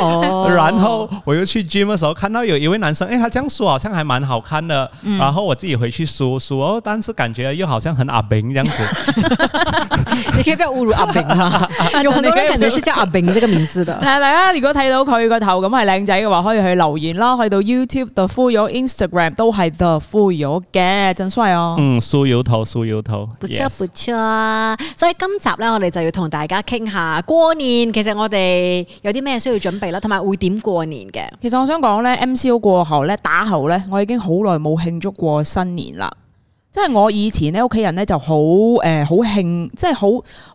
Oh. 然後我又去 gym 嘅時候，看到有一位男生，誒、欸，他這樣梳好像還蠻好看的、嗯。然後我自己回去梳梳，哦，但是感覺又好像很阿炳這樣子。 你可以不要侮辱阿炳啦、啊，有 很多人是叫阿炳這個名字的。嚟大家如果睇到佢個頭咁係靚仔嘅話，可以去留言啦。去到 YouTube、The Fuyoh、Instagram 都係 The Fuyoh 嘅，真帥哦、喔。嗯，梳油頭，梳油頭，不錯、yes、不錯。所以今集咧，我哋就要同大家傾下過年，其實我哋有啲咩需要準備。同埋會點過年嘅？其實我想講咧，MCO 過後咧，打後咧，我已經好耐冇慶祝過新年啦。即係我以前咧，屋企人咧就好誒，好興，即係好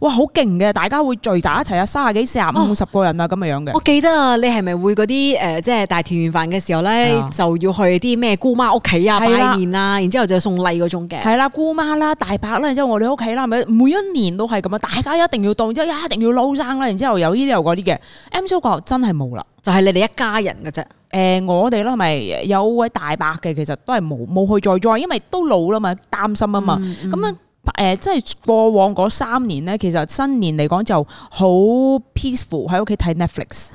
哇，好勁嘅，大家會聚集一齊啊，三十幾、四啊、五、哦、十個人啊咁嘅樣嘅。我記得啊，你係咪會嗰啲誒，即係大團圓飯嘅時候咧、啊，就要去啲咩姑媽屋企啊拜年啊，然之後就送禮嗰種嘅。係啦、啊，姑媽啦，大伯啦，然之後我哋屋企啦，每每一年都係咁啊，大家一定要到，然之後一定要撈生啦，然之後有呢啲嗰啲嘅。MCO 真係冇啦。就係、是、你哋一家人嘅啫。誒、呃，我哋咯係咪有位大伯嘅？其實都係冇冇去再裝，因為都老啦嘛，擔心啊嘛，咁樣誒，即、嗯、係、呃、過往嗰三年咧，其實新年嚟講就好 peaceful 喺屋企睇 Netflix，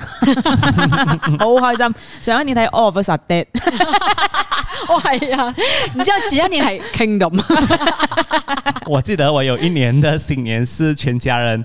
好 開心。上一年睇 All of Us Are Dead， 哦係是啊，然之後，次一年係 Kingdom。 我記得我有一年嘅新年是全家人。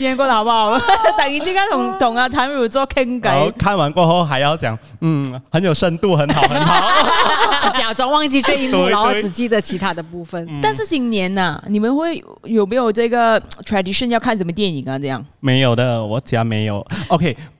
今天過得好不好？啊、 等、啊啊、然今天同同阿譚蕊做傾偈。好，看完過後還要講，嗯，很有深度，很好，很好。假裝忘記這一幕對對，然後只記得其他的部分。嗯、但是新年嗱、啊，你們會有沒有這個 tradition 要看什麼電影啊？這樣沒有的，我家沒有。OK。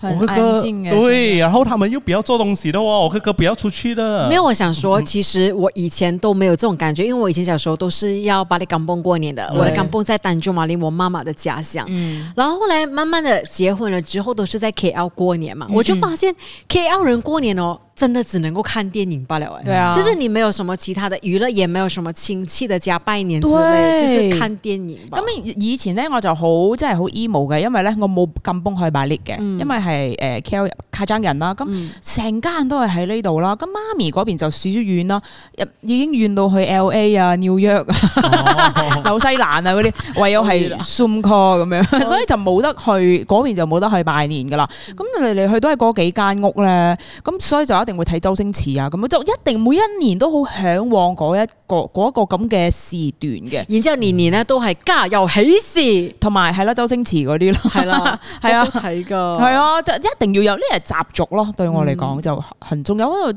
很安靜哎，對，然後他們又不要做東西的哦，我哥哥不要出去的。沒有，我想說、嗯，其實我以前都沒有這種感覺，因為我以前小時候都是要巴里港崩過年的，我的港崩在丹州嘛，離我媽媽的家鄉、嗯。然後後來慢慢的結婚了之後，都是在 KL 過年嘛嗯嗯，我就發現 KL 人過年哦，真的只能夠看電影罷了哎。對啊，就是你沒有什麼其他的娛樂，也沒有什麼親戚的家拜年之類，就是看電影。咁、嗯、啊，以前呢，我就好真係好 emo 嘅，因為呢，我冇港崩可以巴里嘅，因為係係誒，Kajang 人啦，咁成間都係喺呢度啦。咁媽咪嗰邊就少少遠啦，已經遠到去 L A 啊、New York 啊、哦、紐 西蘭啊嗰啲，唯有係 Zoom call 咁樣，所以就冇得去嗰邊，那邊就冇得去拜年噶啦。咁嚟嚟去都係嗰幾間屋咧，咁所以就一定會睇周星馳啊。咁就一定每一年都好向往嗰、那、一個嗰、那個咁嘅時段嘅。然之後年年咧都係家有喜事，同埋係啦周星馳嗰啲咯，係啦，係 啊，睇噶，係啊。就一定要有呢個習俗咯，對我嚟講、嗯、就，很重有。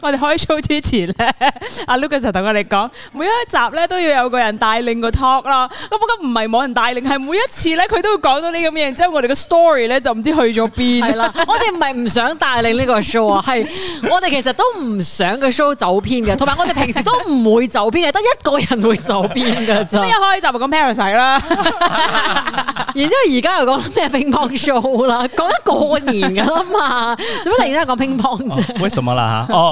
我哋開 show 之前咧，阿、啊、Lucas 同我哋講，每一集咧都要有個人帶領個 talk 咯。咁不過唔係冇人帶領，係每一次咧佢都會講到呢咁嘅嘢，之後我哋嘅 story 咧就唔知去咗邊。係啦，我哋唔係唔想帶領呢個 show 啊， 係我哋其實都唔想個 show 走偏嘅，同埋我哋平時都唔會走偏嘅，得一個人會走偏嘅啫。一開一集就講 Paris 啦， 然之後而家又講咩乒乓球啦，講得過年噶啦嘛，做乜突然之間講乒乓球？為什麼啦？哦、oh。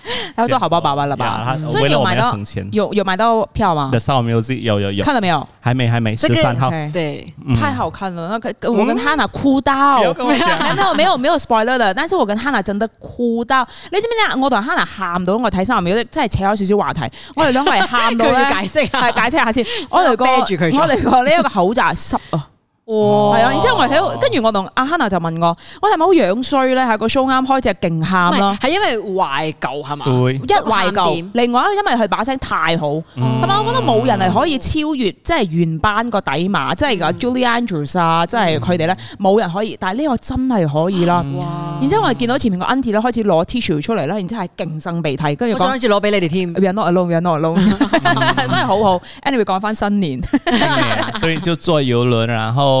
要坐好巴、八巴了吧、嗯？所以有買到，有有買到票嗎？The Sound Music 有有有，看到沒有？還沒還沒，十三號對、嗯，太好看了。我跟 Hannah 哭到，嗯、沒有 沒有沒有，沒有 spoiler 的，但是我跟 Hannah 真的哭到。你知唔知啊？我同 Hannah 喊到，我睇 Sound Music 真係扯開少少話題。我哋兩個喊到， 要解釋下， 解釋下先。我嚟講， 我哋講，呢個口罩濕啊。 哦，係啊！然之後我睇到，跟住我同阿哈娜就問我，我係咪好樣衰咧？係、那個 show 啱開就勁喊咯，係因為懷舊係嘛？對，一懷舊。另外，因為佢把聲太好，同、嗯、咪？我覺得冇人係可以超越，即、就、係、是、原班個底碼，即、嗯、係 j u l i e Andrews 啊，即係佢哋咧，冇、嗯、人可以。但係呢個真係可以啦。然之後我哋見到前面個 Andy 開始攞 T 恤出嚟啦，然之後係勁擤鼻涕，跟住講，我想攞俾你哋添。We're not alone. We're not alone. 真係好好。Anyway，講翻新年。新年，所以就坐遊輪，然後。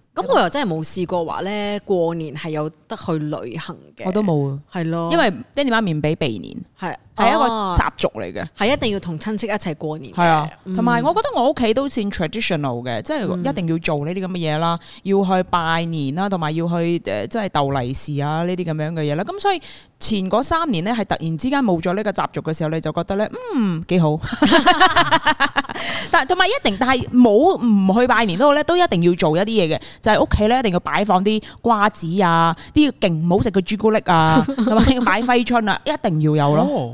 咁我又真係冇試過話咧過年係有得去旅行嘅，我都冇啊，係咯，因為爹哋媽咪唔俾避年，係。係一個習俗嚟嘅，係一定要同親戚一齊過年，係啊，同埋我覺得我屋企都算 traditional 嘅、嗯，即係一定要做呢啲咁嘅嘢啦，要去拜年啦，同埋要去誒，即係逗利是啊，呢啲咁樣嘅嘢啦。咁所以前嗰三年咧，係突然之間冇咗呢個習俗嘅時候，你就覺得咧，嗯，幾好。但同埋一定，但係冇唔去拜年都好咧，都一定要做一啲嘢嘅，就係屋企咧一定要擺放啲瓜子啊，啲勁唔好食嘅朱古力啊，同 埋要買揮春啊，一定要有咯。Oh.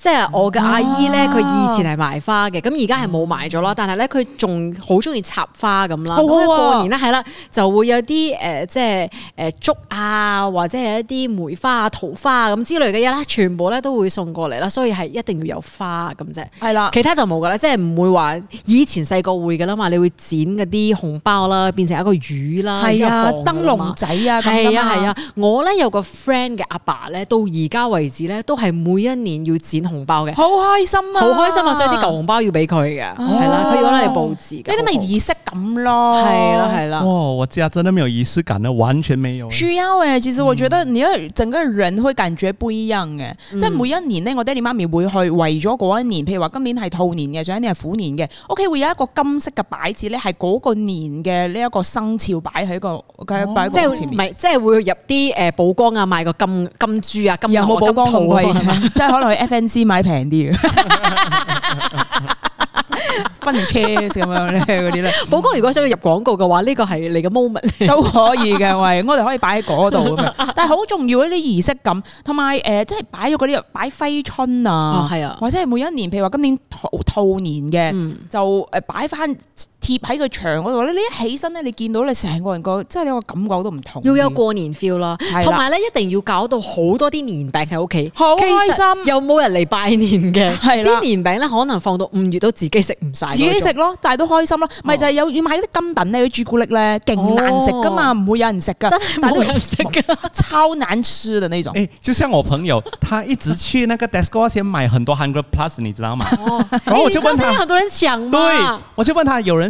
即係我嘅阿姨咧，佢、啊、以前係賣花嘅，咁而家係冇賣咗啦。但係咧，佢仲好中意插花咁啦。咁啊過年啦，係啦，就會有啲誒、呃，即係誒竹啊，或者係一啲梅花啊、桃花啊咁之類嘅嘢啦，全部咧都會送過嚟啦。所以係一定要有花咁啫，係啦，其他就冇噶啦，即係唔會話以前細個會噶啦嘛。你會剪嗰啲紅包啦，變成一個魚啦，係啊燈籠仔啊，係啊係啊。我咧有個 friend 嘅阿爸咧，到而家為止咧，都係每一年要剪。紅包嘅，好開心啊！好開心啊！所以啲舊紅包要俾佢嘅，係、哦、啦，佢要攞嚟布置。呢啲咪儀式感咯，係啦係啦。我知啊，真係冇儀式感，完全沒有。需要誒、欸，其實我覺得你要整個人會感覺不一樣嘅，即係每一年呢，我爹哋媽咪會去為咗嗰一年，譬如話今年係兔年嘅，上一年係虎年嘅，屋企會有一個金色嘅擺設咧，係嗰個年嘅呢一個生肖擺喺、那個擺、哦，即係會入啲誒曝光啊，買個金金珠啊，啊有冇曝光好即係可能 FNC。 啲買平啲嘅，分車咁樣咧嗰啲咧，寶哥如果想要入廣告嘅話，呢、這個係你嘅 moment 都 可以嘅，喂，我哋可以擺喺嗰度。但係好重要的一啲儀式感，同埋誒，即係擺咗嗰啲擺揮春啊，係、哦、啊，或者係每一年，譬如話今年兔兔年嘅，就誒擺翻。貼喺個牆嗰度咧，你一起身咧，你見到你成個人個，即係你個感覺都唔同。要有過年 feel 啦，同埋咧一定要搞到好多啲年餅喺屋企，好開心。有冇人嚟拜年嘅？係啲年餅咧可能放到五月都自己食唔晒。自己食咯，但係都開心咯。咪、哦、就係有要買啲金蛋咧、朱古力咧，勁難食噶嘛，唔會有人食噶，真係冇人食噶，超難吃的呢、哦、 種。誒、欸，就像我朋友，他一直去那個 d e s c o 先買很多 Hundred Plus，你知道嗎？哦，因為很多人搶嘛。我就問他，有人，就問他有人。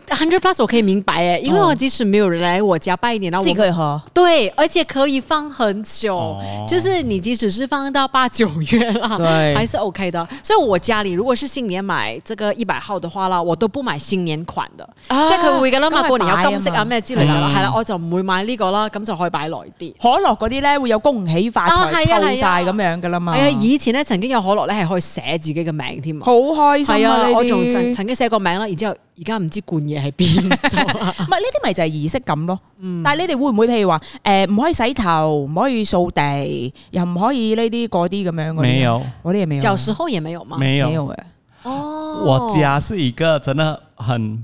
100 plus 我可以明白誒，因為我即使沒有人來我家拜年，哦、我自己可以喝。對，而且可以放很久，哦，就是你即使是放到八九月啦，還是 OK 的。所以，我家裏如果是新年買這個一百號的話啦，我都不買新年款的。啊、即可佢可以 get 嘛？過年有金色啊咩之類噶啦，係、啊、啦、啊啊啊啊啊，我就唔會買呢、這個啦，咁就可以擺耐啲。可樂嗰啲咧會有恭喜發財、啊啊、抽晒咁樣噶啦嘛。係啊，啊，以前咧曾經有可樂咧係可以寫自己嘅名添，好開心啊！我仲曾曾經寫過名啦，然之後。而家唔知灌嘢喺邊，唔係呢啲咪就係儀式感咯。嗯、但係你哋會唔會譬如話，誒、呃、唔可以洗頭，唔可以掃地，又唔可以呢啲嗰啲咁樣？沒有，我哋也沒有。小時候也沒有嗎？沒有，沒有，沒有哦，我家是一個真的很。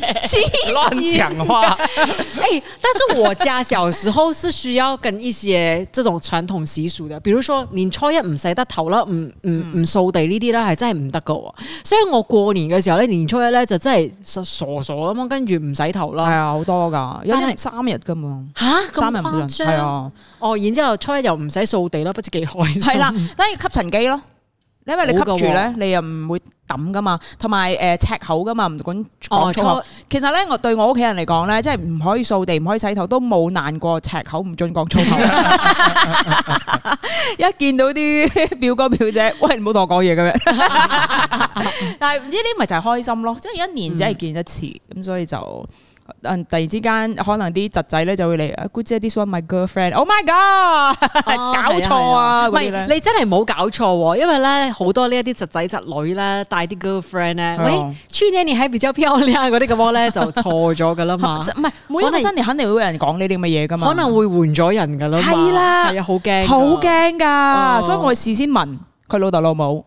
亂講話，誒、欸！但是我家小時候是需要跟一些這種傳統習俗的，比如說年初一唔洗得頭啦，唔唔唔掃地呢啲啦，係真係唔得噶。所以我過年嘅時候咧，年初一咧就真係傻傻咁樣，跟住唔洗頭啦。係啊，好多噶，因為三日噶嘛。吓，三日咁誇張？係啊，啊。哦，然之後初一又唔使掃地啦，不知幾開心。係啦，都要吸塵機咯。因為你吸住咧，啊、你又唔會抌噶嘛，同埋誒赤口噶嘛，唔管粗、哦、粗口，其實咧，我對我屋企人嚟講咧，即係唔可以掃地、唔可以洗頭，都冇難過。赤口唔準講粗口， 一見到啲表哥表姐，喂，唔好同我講嘢咁樣。 但係唔知呢，咪就係開心咯。即係一年只係見一次，咁、嗯、所以就。嗯，突然之間可能啲侄仔咧就會嚟，Good 姑姐 this one my girlfriend，oh my god，oh, 搞錯啊！唔、oh, yes, yes. 你真係冇搞錯，因為咧好多呢一啲侄仔侄女咧帶啲 girlfriend 咧，yes. 喂，去 年你喺 B J P L 嗰啲嘅樣咧就錯咗噶啦嘛，唔 係每一個新年肯定會有人講呢啲咁嘅嘢噶嘛，可能會換咗人噶啦，係啦，係啊，好驚，好驚噶，oh. 所以我事先問佢老豆老母。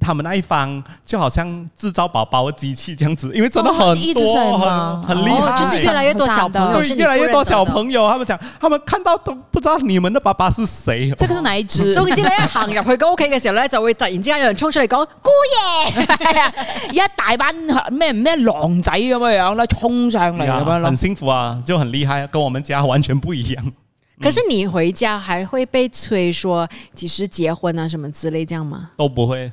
他們那一方就好像製造寶寶的機器這樣子，因為真的很多，哦、很厲害、欸哦，就是越來越多小朋友，越來越多小朋友，他們講，他們看到都不知道你們的爸爸是誰。這個是哪一隻？總、哦、之，你 一行入去哥屋企嘅時候咧，就會突然之間有人衝出嚟講姑爺，一大班咩咩狼仔咁樣樣咧衝上嚟咁樣，很幸福啊，就很厲害，跟我們家完全不一樣、嗯。可是你回家還會被催說幾時結婚啊什麼之類這樣嗎？都不會。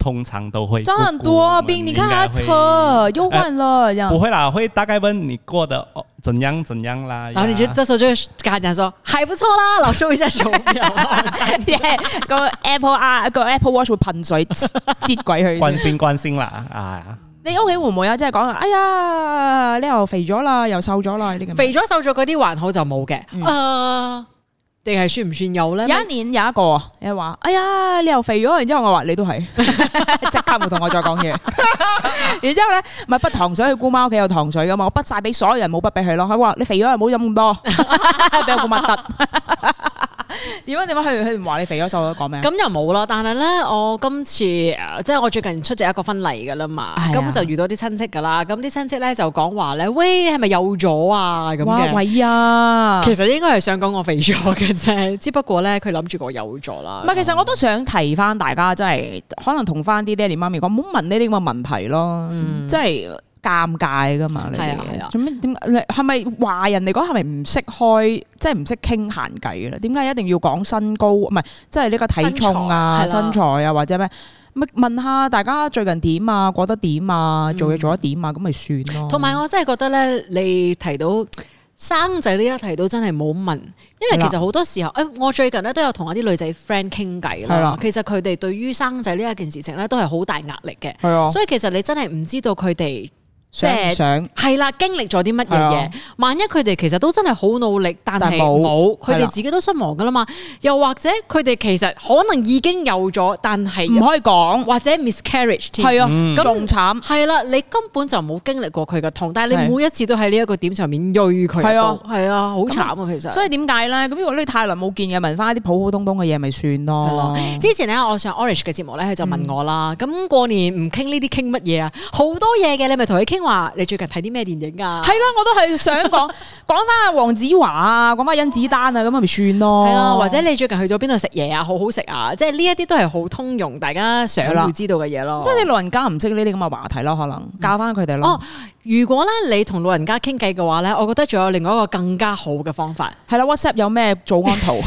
通常都會裝很多兵，你看他車又換了，不會啦，會大概問你過得怎樣怎樣啦。然後你就這時候就跟他講，說還不錯啦，老 收一下手錶 樣子、 yeah，啊。個 Apple 個 Apple Watch 會噴水，接鬼去， 關心關心啦，啊，你屋企會唔會有即係講哎呀，你又肥咗啦，又瘦咗啦你有有肥咗瘦咗嗰啲，還好就冇嘅，呃定係算唔算有咧？有一年有一個，佢話說：哎呀，你又肥咗。然之後我， 我話：你都係，即刻唔同我再講嘢。然之後咧，咪潑糖水去姑媽屋企有糖水噶嘛？我潑晒俾所有人，冇潑俾佢咯。佢話：你肥咗，唔好飲咁多，比我咁乜得？」點解點解佢佢唔話你肥咗瘦咗？講咩？咁又冇啦，但係咧，我今次即係我最近出席一個婚禮噶啦嘛，咁就遇到啲親戚噶啦，咁啲親戚咧就講話咧，喂，係咪有咗啊？咁嘅，喂啊！其實應該係想講我肥咗嘅啫，只不過咧佢諗住我有咗啦。唔係，其實我都想提翻大家，即係可能同翻啲爹哋媽咪講，唔好問呢啲咁嘅問題咯，即係。嗯。就是尷尬噶嘛、嗯、你啲嘢，做咩、啊？點係咪話人哋講係咪唔識開？即係唔識傾閒偈啦？點解一定要講身高？唔係即係呢個體重啊、身材啊，身材啊或者咩？咪問下大家最近點啊，過得點啊，嗯、做嘢做得點啊？咁咪算咯。同埋我真係覺得咧，你提到生仔呢一提到真係冇問，因為其實好多時候誒、啊，我最近咧都有同一啲女仔 friend 傾偈啦。其實佢哋對於生仔呢一件事情咧，都係好大壓力嘅。係啊，所以其實你真係唔知道佢哋。即係想係、就是、啦，經歷咗啲乜嘢嘢？萬一佢哋其實都真係好努力，但係冇，佢哋自己都失望噶啦嘛、啊。又或者佢哋其實可能已經有咗，但係唔可以講，或者 miscarriage 係啊，咁仲慘係啦。你根本就冇經歷過佢嘅痛，啊、但係你每一次都喺呢一個點上面銳佢。係啊，係啊，好慘啊，其實。所以點解咧？咁如果你太耐冇見嘅，問翻一啲普普通通嘅嘢咪算咯、啊。之前咧，我上 Orange 嘅節目咧，佢就問我啦：咁、嗯、過年唔傾呢啲，傾乜嘢啊？好多嘢嘅，你咪同佢傾。話你最近睇啲咩電影㗎？係咯，我都係想講講翻阿黃子華啊，講翻甄子丹啊，咁咪算咯。係啊，或者你最近去咗邊度食嘢啊，好好食啊，即係呢一啲都係好通用，大家想要知道嘅嘢咯。但係你老人家唔識呢啲咁嘅話題咯，可能教翻佢哋咯。嗯哦如果咧你同老人家傾偈嘅話咧，我覺得仲有另外一個更加好嘅方法，係啦 WhatsApp 有咩早安圖，唔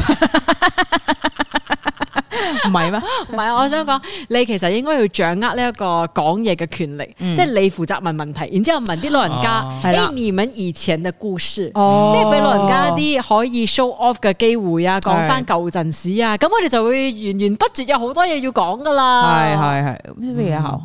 係咩？唔係，我想講、嗯、你其實應該要掌握呢一個講嘢嘅權利，即、嗯、係、就是、你負責問問題，然之後問啲老人家，啲、哦、你們以前嘅故事，哦、即係俾老人家啲可以 show off 嘅機會啊，講翻舊陣時啊，咁我哋就會源源不絕有好多嘢要講噶啦，係係係，是是是嗯嗯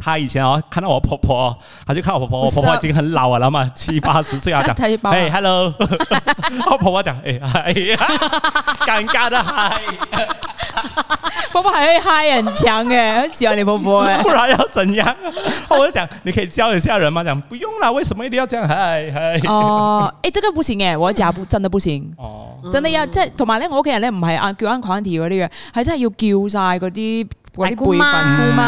他以前哦，看到我婆婆，他就看我婆婆、啊，我婆婆已經很老啊嘛，七八十歲啊，講， 哎，hello，我婆婆講、 哎 hello， 哎，尷 尬的 high 婆婆還會 high，很強，誒，很喜歡你婆婆誒、嗯，不然要怎樣？我就講，你可以教一下人嘛，講，不用啦，為什麼一定要這樣 high 哦，誒、呃欸，這個不行誒、欸，我講不，真的不行，哦，真的要，即係同埋咧，我屋企人咧，唔係啊叫 uncle auntie 嗰啲嘅，係真係要叫晒嗰啲。嗰啲輩分，姑媽、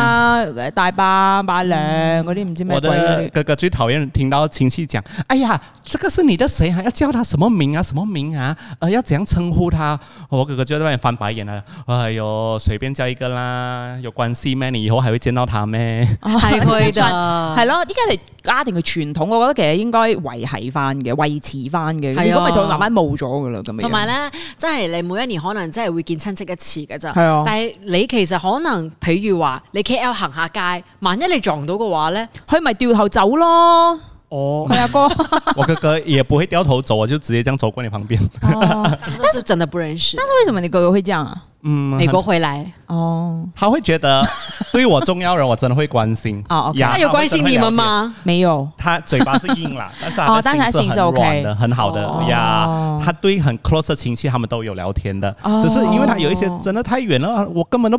嗯、大伯、伯娘嗰啲唔知咩鬼、啊。我的哥哥最討厭聽到親戚講，哎呀，這個是你的誰啊？要叫他什麼名啊？什麼名啊？啊、呃，要怎樣稱呼他？我哥哥就在外面翻白眼啦。哎呦，隨便叫一個啦。有關係咩？你以後還會見到他咩？係、哦、噶，係 咯。依家你家庭嘅傳統，我覺得其實應該維繫翻嘅，維持翻嘅。如果唔係就慢慢冇咗噶啦。咁嘅。同埋咧，真係你每一年可能真係會見親戚一次噶咋。係啊、哦。但係你其實可能。.譬如話你 K L 行下街，萬一你撞到嘅話呢，佢咪掉頭走咯。哦，阿哥， 我哥哥也不會掉頭走，我就直接這樣走過你旁邊。Oh, 但是真的不認識。但是為什麼你哥哥會這樣啊？嗯，美國回來，哦，他會覺得對我重要人，我真的會關心。哦、oh, okay.，他有關心你們嗎？ 沒有，他嘴巴是硬了但是心是 O K 的，很好的。呀、oh, oh,，oh. 他對很 close 嘅親戚，他們都有聊天的，oh, oh, oh, oh. 只是因為他有一些真的太遠了，我根本都。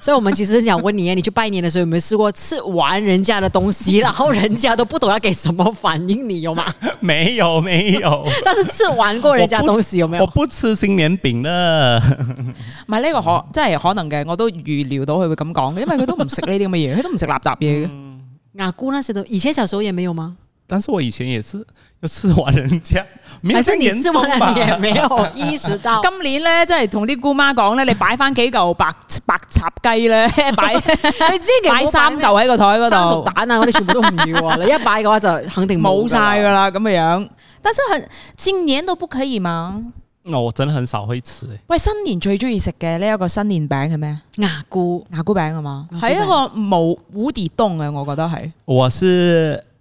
所以，我們其實想問你，你去拜年的時候，有冇試過吃完人家的東西，然後人家都不懂要給什麼反應？你有嗎？ 沒有，沒有。 但是，吃完過人家的東西有冇？我不吃新年餅啦。唔係呢個可真是可能嘅，我都預料到佢會咁講，因為佢都唔食呢啲咁嘅嘢，佢 都唔食垃圾嘢。芽菇那些都，以前小時候，也沒有嗎？.但是我以前也是，又試玩人家，還是年長吧，也沒有意識到。 今年咧，即係同啲姑媽講咧，你擺翻幾嚿白白插雞咧，擺， 你知唔知？擺三嚿喺個台嗰度，蛋啊，我哋全部都唔要、啊、 你一擺嘅話就肯定冇晒噶啦，咁嘅樣。但是很今年都不可以嗎？我真係很少會食、欸。喂，新年最中意食嘅呢一個新年餅係咩？牙菇牙菇餅係嘛？係一個冇無底洞嘅，我覺得係。我是。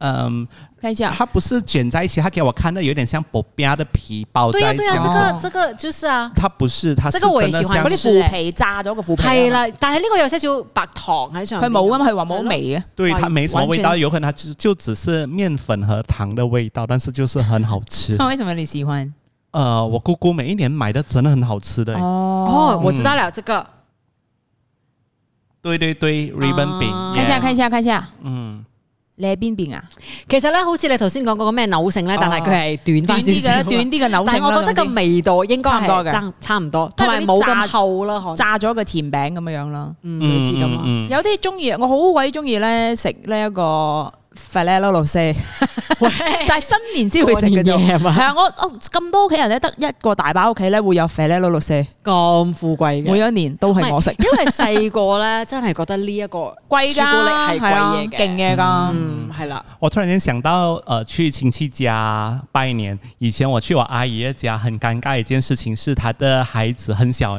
嗯，看一下，它不是捲在一起，它給我看的有點像薄邊的皮包在一起。對啊，對啊這，哦、這個這個就是啊，它不是，它是，的是這個我也喜歡，喜歡不是腐皮炸咗個腐皮。係啦，但係呢個有些時候白糖喺上，佢冇啊嘛，佢話冇味。對，它沒什麼味道，有可能它就就只是麵粉和糖的味道，但是就是很好吃。那 為什麼你喜歡？呃，我姑姑每一年買的真的很好吃的哦，哦，我知道了，嗯、這個，對對對、啊、，ribbon 餅，看一下，yes. 看一下，看一下，嗯。你喺邊邊啊？其實咧，好似你頭先講嗰個咩扭性咧，但係佢係短啲啲短啲嘅，短啲嘅扭性，但係我覺得個味道應該係差多差唔多，同埋冇咁厚啦，炸咗個甜餅咁樣樣啦，嗯、類似咁。嗯嗯、有啲中意，我好鬼中意咧食呢一個。費列羅老細，但係新年先會食嘅嘢嘛。係啊，我我咁多屋企人咧，得一個大把屋企咧會有費列羅老細咁富貴嘅，每一年都係我食，因為細個咧真係覺得呢一個貴嘅朱古力，係貴嘢嘅，勁嘅、啊。噶、啊，係、嗯、啦、啊，我突然間想到，誒、呃，去親戚家拜年，以前我去我阿姨家，很尷尬一件事情是，她的孩子很小。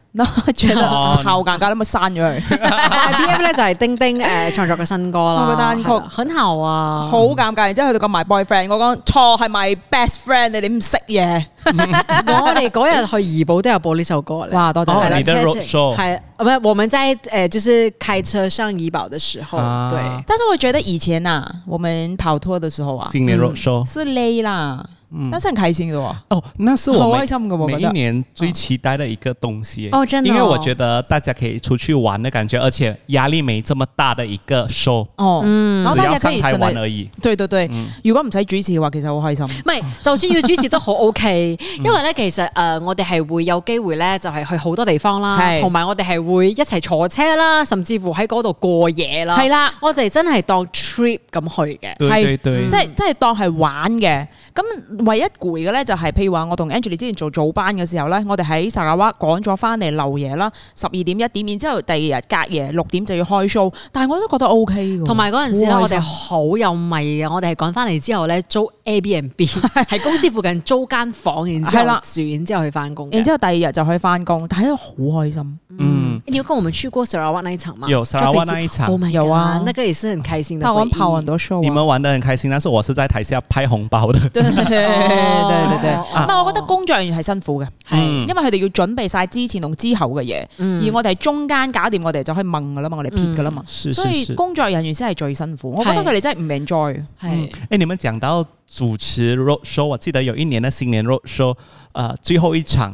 嗱、no, no,， 覺得好尷尬，你咪刪咗佢。B M 咧就係、是、丁丁誒創、呃、作嘅新歌啦， 我覺得確很，很好啊、嗯，好尷尬。然之後佢就講、是、埋 boyfriend，我講錯係 my best friend，你哋唔識嘢。我哋嗰日去怡保都有播呢首歌咧。哇，多謝係啦，oh, 哎、你車程係，唔係我們在誒，就是開車上怡保嘅時候、啊，對。但是我覺得以前啊，我們跑脱的時候啊，新年 road show 是累啦。嗯、但是很開心嘅哦，哦，那是我每，開心的每一年最期待的一個東西。哦，真，因為我覺得大家可以出去玩嘅感覺，而且壓力沒這麼大的一個 show、嗯。哦，嗯，然後大家可以真係玩而已。對對對，嗯、如果唔使主持嘅話，其實好開心。唔係，就算要主持都好 OK， 因為咧，其實誒、呃，我哋係會有機會咧，就係、是、去好多地方啦，同埋我哋係會一齊坐車啦，甚至乎喺嗰度過夜啦。係啦，我哋真係當 trip 咁去嘅，係、嗯，即係即係當係玩嘅，咁。唯一攰嘅咧就係、是，譬如話我同 Angeline 之前做早班嘅時候咧，我哋喺 Sarawak 趕咗翻嚟留夜啦，十二點一點，然之後第二日隔夜六點就要開 show，但係我都覺得 O K 嘅。同埋嗰陣時咧，我哋好有味嘅，我哋係趕翻嚟之後咧租 Airbnb，喺 公司附近租間房，然之後， 後住，然之後去翻工，然之後第二日就可以翻工，但係都好開心。嗯你有跟我們去過 Sarawan 那一場嗎？有 Sarawan 那一場，oh God, 有啊那個，有啊，那個也是很開心的。但係我跑完都收完。你們玩的很開心，但是我是在台下拍紅包的。對對對對對。咁、哦、啊，我覺得工作人員係辛苦嘅，係，因為佢哋要準備晒之前同之後嘅嘢，而我哋係中間搞掂我哋就可以掹㗎喇嘛，我哋撇㗎喇嘛。所以工作人員先係最辛苦，我覺得佢哋真係唔 enjoy。係，誒、欸，你們講到主持 road show，我記得有一年嘅新年 road show，啊、呃，最後一場。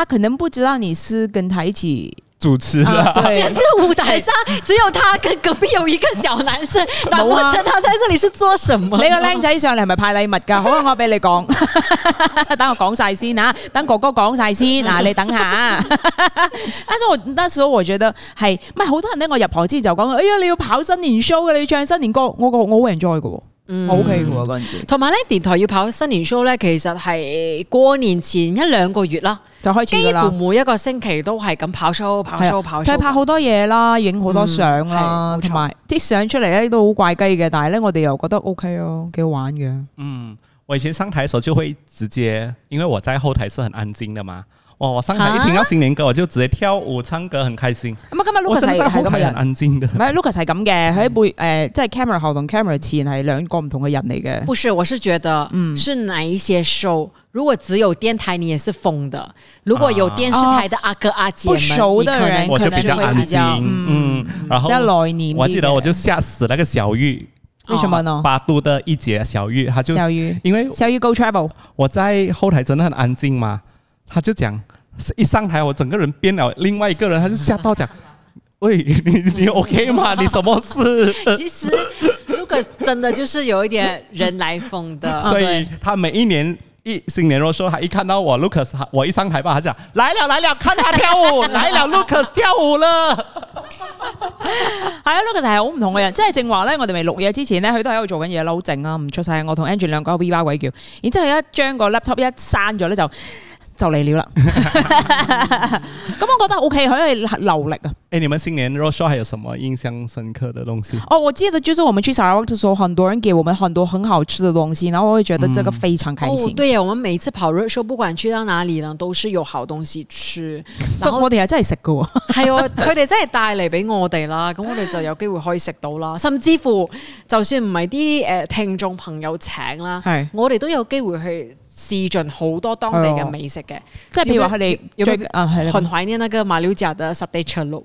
他可能不知道你是跟他一起主持啊，啊，只是舞台上只有他跟隔壁有一個小男生。 但我覺得在這裏是做什麼、啊？你這個靚仔上嚟係咪派禮物噶？好啊，我俾你講， 等我講晒先吓、啊，等哥哥講晒先吓、啊， 你等下、啊。當時我當時我覺得係，唔係好多人咧。我入台之前就講，哎呀，你要跑新年 show 嘅，你要唱新年歌，我個我好 enjoy 嘅。OK 嘅喎嗰陣時，同埋咧電台要跑新年 show 咧，其實係過年前一兩個月啦，就開始啦。幾乎每一個星期都係咁跑 show，跑 show、啊、跑 show、跑 show，拍好多嘢啦，影、嗯、好多相啦，同埋啲相出嚟咧都好怪雞嘅。但係咧，我哋又覺得 OK 哦、啊，幾好玩嘅。嗯，我以前上台嘅時候就會直接，因為我在後台是很安靜的嘛。我上台一聽到新年歌，我就直接跳舞、唱歌，很開心。咁啊，今日 Lucas 係好安靜，唔係 Lucas 係咁嘅，佢喺背誒，camera 後同 camera 前係兩個唔同嘅人嚟嘅。不是，我是覺得，嗯，是哪一些 show？、嗯、如果只有電台，你也是瘋的。如果有電視台的阿哥阿姐、啊啊，不熟的人，我就比較安靜、嗯。嗯，然後我記得我就嚇死那個小玉，為什麼呢？八度的一姐小玉，就小玉因為小玉 go travel，我在後台真的很安靜嘛。他就講，一上台我整個人變了，另外一個人，他就嚇到講，喂，你你 OK 嗎？你什麼事？ 其實 Lucas 真的就是有一點人來瘋的，所以 、啊、他每一年一新年，嘅時候他一看到我 Lucas，我一上台吧，他講，來了來了，看他跳舞， 來了 Lucas 跳舞了。係啊，Lucas 係好唔同嘅人，即係 正話咧，我哋未錄嘢之前咧，佢都喺度做緊嘢撈整啊，唔出聲。我同 Angie 兩個 V 吧鬼叫，然之後佢一將個 laptop 一刪咗咧就。就嚟了啦，咁我覺得 OK，佢可以流力啊。誒，你們新年 roadshow 還有什麼印象深刻的東西？哦，我記得就是我們去 s a l u 的時候，很多人給我們很多很好吃的東西，然後我會覺得這個非常開心。嗯、哦，對呀，我們每次跑 roadshow，不管去到哪裡呢都是有好東西吃。 so, 我哋係真係食噶，係 哦，佢哋真係帶嚟畀我哋啦，咁我哋就有機會可以食到啦。甚至乎就算唔係啲聽眾朋友請啦，係， 我哋都有機會去試盡好多當地嘅美食嘅。即係譬如話佢哋很懷念那個馬六甲的 Sudirchalo。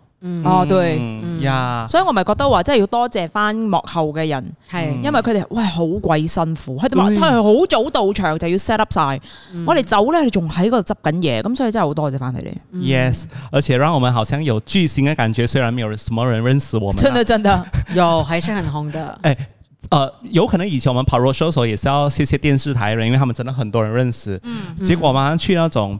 嗯、哦，對呀、嗯，所以我咪覺得話，真係要多謝翻幕後嘅人，係、嗯，因為佢哋喂好鬼辛苦，佢哋佢係好早到場，就要 set up 晒，我哋走咧，仲喺度執緊嘢，咁所以真係好多謝翻佢哋。Yes，而且讓我們好像有巨星嘅感覺，雖然沒有什麼人認識我們。真的真的有， Yo, 還是很紅的。誒、欸，誒、呃，有可能以前我們跑 roadshow 也是要謝謝電視台的人，因為佢哋真的很多人認識。嗯。結果馬上、嗯、去那種。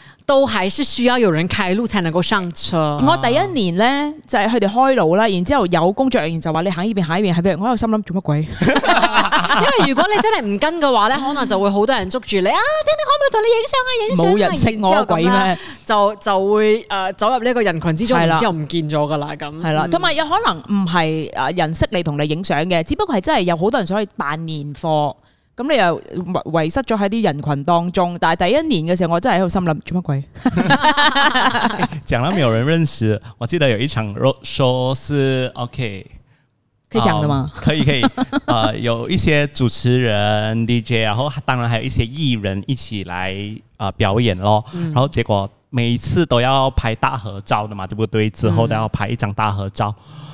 都還是需要有人開路才能夠上車、啊。我第一年咧就係佢哋開路啦，然之後有工作人員就話你喺呢邊喺呢邊，係咪？我喺度心諗做乜鬼？ 因為如果你真係唔跟嘅話咧， 可能就會好多人捉住你 啊！丁丁可唔可以同你影相啊？影冇、啊、人識我鬼咩？就就會誒走入呢一個人群之中，之後唔見咗噶啦咁。係啦，同埋、嗯、有可能唔係誒人識你同你影相嘅，只不過係真係有好多人想去辦年貨。咁你又遺失咗喺啲人群當中，但係第一年嘅時候，我真係喺度心諗做乜鬼？講 到沒有人認識，我記得有一場 show，show 是 OK，可以講的嗎，呃？可以，可以，啊、呃，有一些主持人、DJ，然後當然還有一些藝人一起來啊、呃、表演咯，然後結果每一次都要拍大合照的嘛，對不對？之後都要拍一張大合照。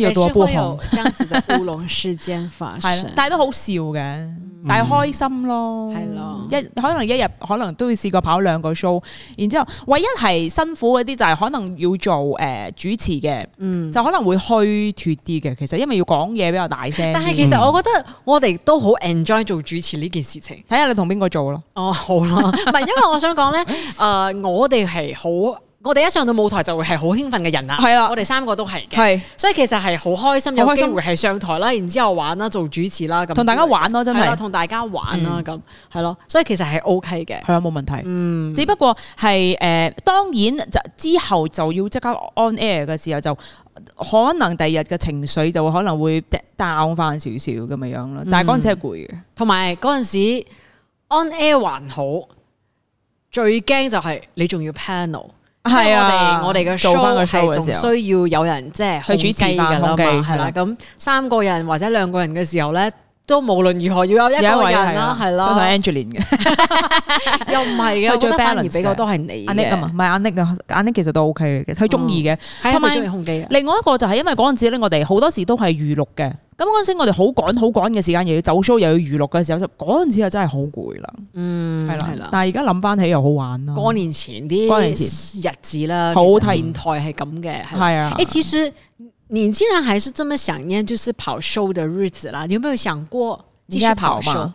有做過烏龍，這樣子嘅烏龍事件發生， 但係都好笑嘅，嗯、但係開心咯，係、嗯、咯，一可能一日可能都要試過跑兩個 show，然之後唯一係辛苦嗰啲就係可能要做誒、呃、主持嘅，嗯，就可能會虛脫啲嘅。其實因為要講嘢比較大聲，但係其實我覺得我哋都好 enjoy 做主持呢件事情，睇下你同邊個做咯。哦，好咯，唔 係，因為我想講咧，誒、 呃，我哋係好。我哋一上到舞台就會係好興奮嘅人啦，係啦，我哋三個都係嘅，係，所以其實係好開心，好開心有機會係上台啦，然之後玩啦，做主持啦，咁同大家玩咯、啊，真係同大家玩啦、啊，咁係咯，所以其實係 O K 嘅，係啊，冇問題，嗯，只不過係誒、呃，當然就之後就要即刻 on air 嘅時候，就可能第二日嘅情緒就會可能會 down 翻少少咁樣樣咯、嗯，但係嗰陣時係攰嘅，同埋嗰陣時 on air 還好，最驚就係你仲要 panel。係啊，我哋嘅做翻個 show 嘅時候，需要有人即係去主持嘅。係啦的。咁三個人或者兩個人嘅時候咧，都無論如何要有一個人啦，係咯。Angeline 嘅， 又唔係嘅，佢最 balance 比較都係你嘅，唔係 Annie 啊，Annie 其實都 OK 嘅，佢中意嘅。係啊、嗯，佢中意控機啊。另外一個就係因為嗰陣時咧，我哋好多時都係預錄嘅。咁嗰陣時我哋好趕好趕嘅時間又要走 show 又要娛樂嘅時候嗰陣時就真係好攰啦，嗯係啦係啦，但係而家諗翻起又好玩啦。過年前啲日子啦，好電台係咁嘅係啊。誒，其實、欸、其實你既然還是這麼想念，就是跑 show 的日子啦，你有冇有想過你續跑，跑嗎？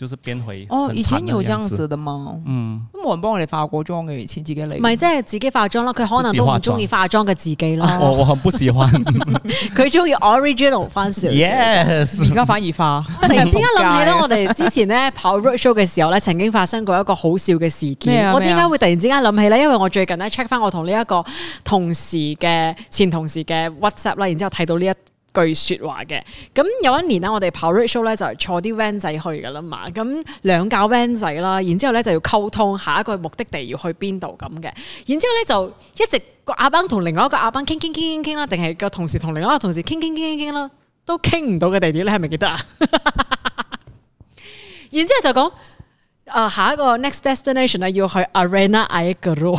就是變回哦，以前有這樣子的嘛，嗯，都冇人幫我哋化過妝嘅，以前自己嚟，唔係咪即係自己化妝啦。佢可能都唔中意化妝嘅自己咯，我我不喜歡的，佢中意 original 翻少少，而、yes、家反而化，突然之間諗起咧， 我哋之前咧跑 roadshow 嘅時候咧，曾經發生過一個好笑嘅事件， 我點解會突然之間諗起咧？因為我最近咧 check 翻我同呢一個同事嘅前同事嘅 WhatsApp 啦，然之後睇到呢一句説話嘅，咁有一年啦，我哋跑 race show 咧就係坐啲 van 仔去噶啦嘛，咁兩架 van 仔啦，然之後咧就要溝通下一個目的地要去邊度咁嘅，然之後咧就一直個阿班同另外一個阿班傾傾傾傾傾啦，定係個同事同另外一個同事傾傾傾傾傾啦，都傾唔到嘅地點咧，你係咪記得啊？ 然之後就講，誒、呃、下一個 next destination 啊，要去 arena I o 路。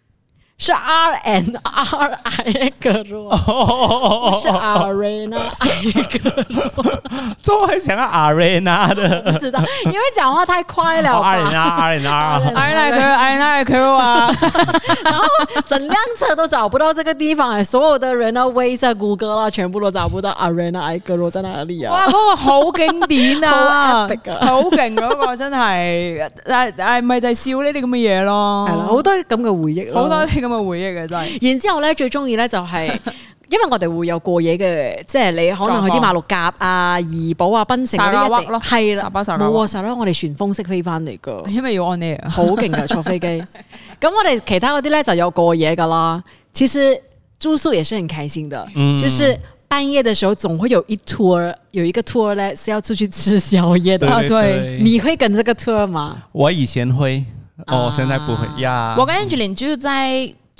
是 R N R I 那個羅，oh oh oh oh oh, 是 Arena Igo，最後還講到 Arena 的， 不知道，因為講話太快了。Arena Arena Arena Igo Arena Igo 啊，啊啊啊那個、啊啊啊然後整輛車都找不到這個地方，哎，所有的人都圍在 Google 啦，全部都找不到 Arena Igo 在哪裏啊？哇，好經典啊，好 epic，好勁嗰個真係哈哈，但但咪就係笑呢啲咁嘅嘢咯，係啦，好多咁嘅回憶，好多呢個。咁嘅回憶嘅真係，然之後咧最中意咧就係，因為我哋會有過夜嘅， 即係你可能去啲馬六甲啊、怡寶啊、檳城嗰啲，沙巴咯，係啦，我哋旋風式飛翻嚟噶，因為要 on air，好勁嘅坐飛機。咁我哋其他嗰啲咧就有過夜噶啦。其實住宿也是很開心的，嗯，就是半夜的時候總會有一 Tour，有一個 Tour 咧是要出去吃宵夜嘅。對，對，對，你會跟這個 Tour 嗎？我以前會，哦，現在不會呀。啊、yeah, 我跟 Angeline 就在。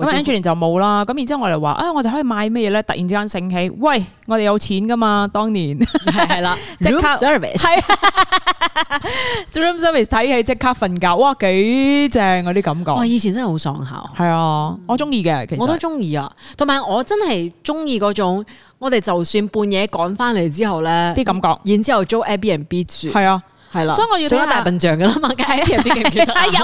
咁安住年就冇啦，咁然之後我哋話，啊、哎、我哋可以買咩嘢咧？突然之間醒起，喂，我哋有錢噶嘛？當年係係啦，room service 係，room service 睇戲即刻瞓服 服 覺，哇幾正啊啲感覺！哇，以前真係好爽口，係啊，嗯、我中意嘅，其實我都中意啊，同埋我真係中意嗰種，我哋就算半夜趕翻嚟之後咧，啲感覺，然之後租 Airbnb 住，係啊。係啦，所以我要聽一大笨象噶啦嘛，梗係 有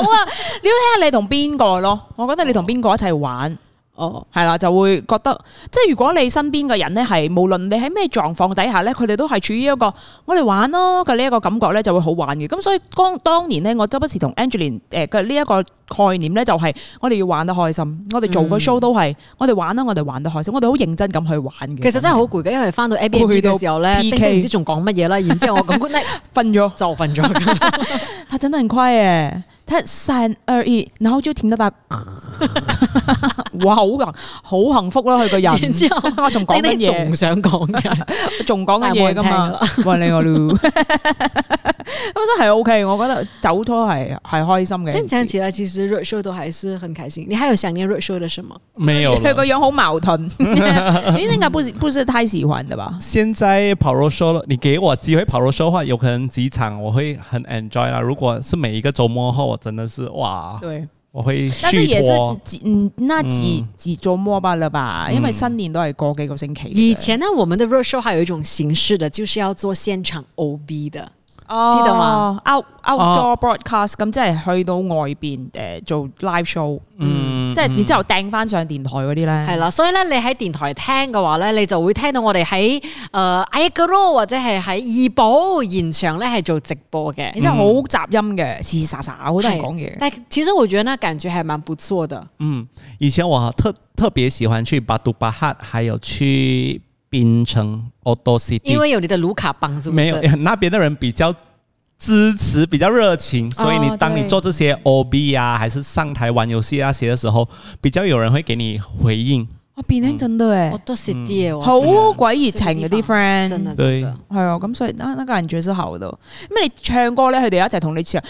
啊，你要聽下你同邊個咯？我覺得你同邊個一齊玩。哦，係啦，就會覺得即係如果你身邊嘅人咧，係無論你喺咩狀況底下咧，佢哋都係處於一個我哋玩咯嘅呢一個感覺咧，就會好玩嘅。咁所以當當年咧，我周不時同 Angeline 誒嘅呢一個概念咧，就係我哋要玩得開心。我哋做個 show 都係我哋玩啦，我哋玩，玩得開心，我哋好認真咁去玩嘅。其實真係好攰嘅，因為翻到去 B B 嘅時候咧，唔知仲講乜嘢啦。然之後我咁快瞓咗，就瞓咗。太 真係好攰啊！七三二一，然後就聽得到啦、呃。 哇，好，好幸福啦佢個人。之後我仲講緊嘢，仲想講嘅，仲講緊嘢噶嘛？喂你我嚕，咁 真係 O K，我覺得走拖係係開心嘅。真係似啦，其實 roadshow 都還是很開心。你還有想念 roadshow 的什麼？沒有，佢個樣好矛盾，你應該不不是太喜歡的吧？現在跑 roadshow，你給我機會跑 roadshow 嘅話，有可能幾場我會很 enjoy 啦。如果是每一個周末後，真的是哇！對，我會，但是也是幾嗯，那幾幾周末吧，嗯、了吧，因為新年都係過幾個星期。以前呢，我們的 road show 還有一種形式的，就是要做現場 O B 的，記得嗎、哦、？out outdoor broadcast 咁即係去到外邊誒、呃、做 live show，嗯。嗯即係然之後掟翻上電台嗰啲咧，係啦，所以咧你喺電台聽嘅話咧，你就會聽到我哋喺誒、呃、Igoro 或者係喺二寶現場咧係做直播嘅，然之後好雜音嘅，嘈好多人講嘢。但其實我覺得呢感覺係蠻不錯的。嗯，以前我特特別喜歡去巴杜巴哈，還有去冰城 Auto City，因為有你的盧卡幫，係咪？沒有，那邊的人比較，支持比較熱情，所以你當你做這些 OB 啊，還是上台玩遊戲那些的時候，比較有人會給你回應。我變輕真的誒，我、嗯、都是啲嘢，好鬼熱情嗰啲 friend，真係對，係啊，咁、哦、所以那那個人最收好度咩？為你唱歌咧，佢哋一齊同你唱。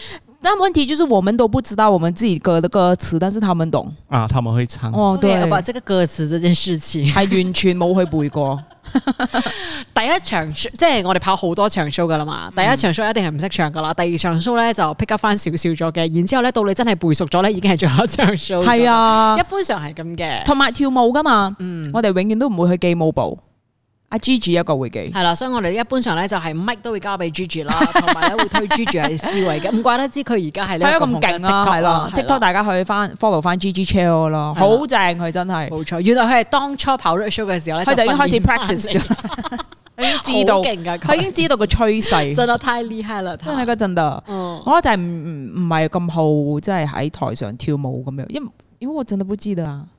但問題就是，我們都不知道我們自己歌的歌詞，但是他們懂啊，他們會唱。哦，okay, 對，不過，這個歌詞這件事情，係完全冇去背過。 第一場，即係我哋跑好多場 show 噶啦嘛，第一場 show 一定係唔識唱噶啦，第二場 show 咧就 pick up 翻少少咗嘅，然之後咧到你真係背熟咗咧，已經係最後一場 show。係啊，一般上係咁嘅，同埋跳舞噶嘛，嗯，我哋永遠都唔會去記舞步。阿 Gigi 一個會記係啦，所以我哋一般上咧就係 mic 都會交俾 Gigi 啦，同埋咧會推 Gigi 係思維嘅。唔 怪得知佢而家係咁勁啊，好嘅，的確係咯。提醒大家去翻 follow 翻 Gigi channel 咯，好正佢真係。冇錯，原來佢係當初跑 show 嘅時候咧，佢就已經開始 practice 佢 已經知道，佢、 啊、已經知道個趨勢。真得太厲害啦！真係嗰陣度，我就係唔唔唔係咁好，即係喺台上跳舞咁樣。因因為我真的不知道啊。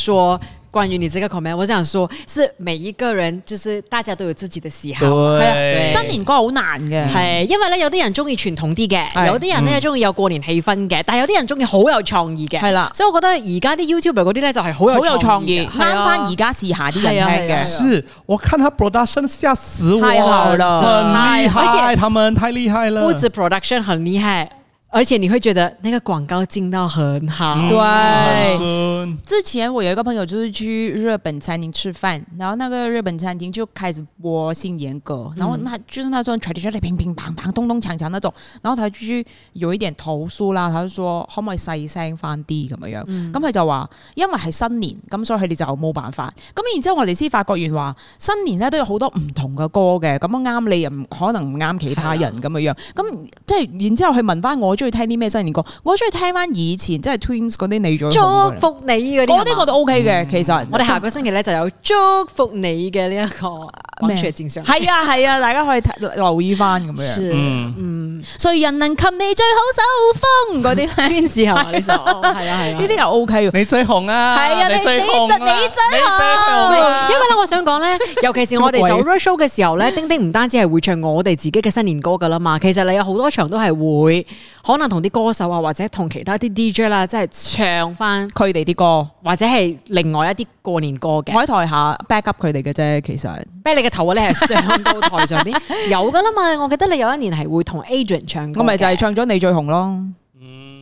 說關於你這個 comment，我想說，是每一個人，就是大家都有自己的喜好。對，新年歌好難嘅，係、嗯、因為咧有啲人中意傳統啲嘅，有啲人咧中意有過年氣氛嘅，但係有啲人中意好有創意嘅。係啦，所以我覺得而家啲 YouTuber 嗰啲咧就係好有好有創意，啱翻而家時下啲人聽嘅。是，我看他 production 嚇死我，太好了，真厲害，害，而且他們太厲害了，不止 production 很厲害。而且你會覺得那個廣告勁到很好，對，對、嗯。之前我有一個朋友就是去日本餐廳吃飯，然後那個日本餐廳就開始播新年歌、嗯，然後那就是那種乒乒乓乓咚咚鏘鏘那種，然後佢就有一點投訴啦，他就說可唔可以細聲翻啲咁樣樣，咁佢就話因為係新年，咁所以佢哋就冇辦法。咁然之後我哋先發覺原話新年咧都有好多唔同嘅歌嘅，咁啱你又唔可能唔啱其他人咁樣樣，咁即係然之後佢問翻我。中意聽啲咩新年歌？我中意聽翻以前就是，即係 Twins 嗰啲你咗祝福你嗰啲，嗰啲我都 O K 嘅。其實我哋下個星期咧就有祝福你嘅呢一個宣傳線上，係 啊係啊，大家可以睇留意翻咁樣。嗯嗯，誰人能及你最好手風嗰啲？邊時候啊？呢首係啊係啊，呢啲又 O K 你最紅啊！係啊，啊，啊，啊、， ok、啊，啊，你最紅、啊、你最紅因為咧，啊啊為啊、為我想講咧，尤其是我哋做 show 嘅時候咧， 丁丁唔單止係會唱我哋自己嘅新年歌噶啦嘛，其實你有好多場都係會。可能同啲歌手啊，或者同其他啲 DJ 啦，即係唱翻佢哋啲歌，或者係另外一啲過年歌嘅，我喺台下 back up 佢哋嘅啫。其實 back 你嘅頭啊，你係上到台上面 有噶啦嘛。我記得你有一年係會同 Adrian 唱歌，咁咪就係唱咗你最紅咯。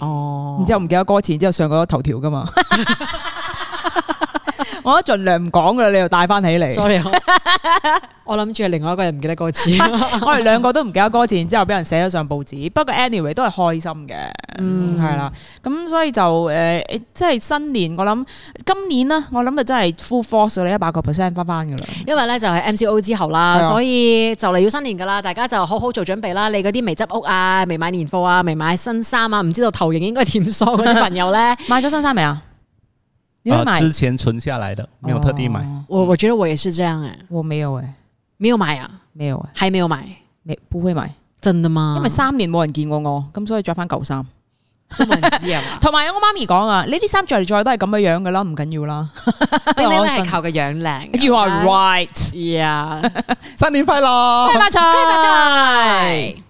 哦，然之後唔記得歌詞，之後上過頭條噶嘛。 我都盡量唔講噶啦，你又帶翻起嚟。Sorry, 我諗住 另外一個人唔記得歌詞， 我哋兩個都唔記得歌詞，然之後俾人寫咗上報紙。不過 anyway 都係開心嘅，嗯，係啦。咁所以就誒、呃，即係新年，我諗今年咧，我諗就真係 full force 你一百個 percent 翻翻噶啦。因為咧就係、是、MCO 之後啦，啊、所以就嚟要新年噶啦，大家就好好做準備啦。你嗰啲未執屋啊，未買年貨啊，未買新衫啊，唔知道頭型應該點梳嗰啲朋友咧， 買咗新衫未啊？呃、之前存下來的，oh, 沒有特地買。我我覺得我也是這樣誒、啊，我沒有誒、欸，沒有買啊，沒有誒、欸，還沒有買，沒不，不會買，真的嗎？因為三年冇人見過我，咁所以着翻舊衫。同埋 我媽咪講啊，我 你呢衫着嚟再都係咁嘅樣噶啦，唔緊要啦。你哋都係靠個樣靚。You are right，yeah， 新年快樂！恭喜發財！恭喜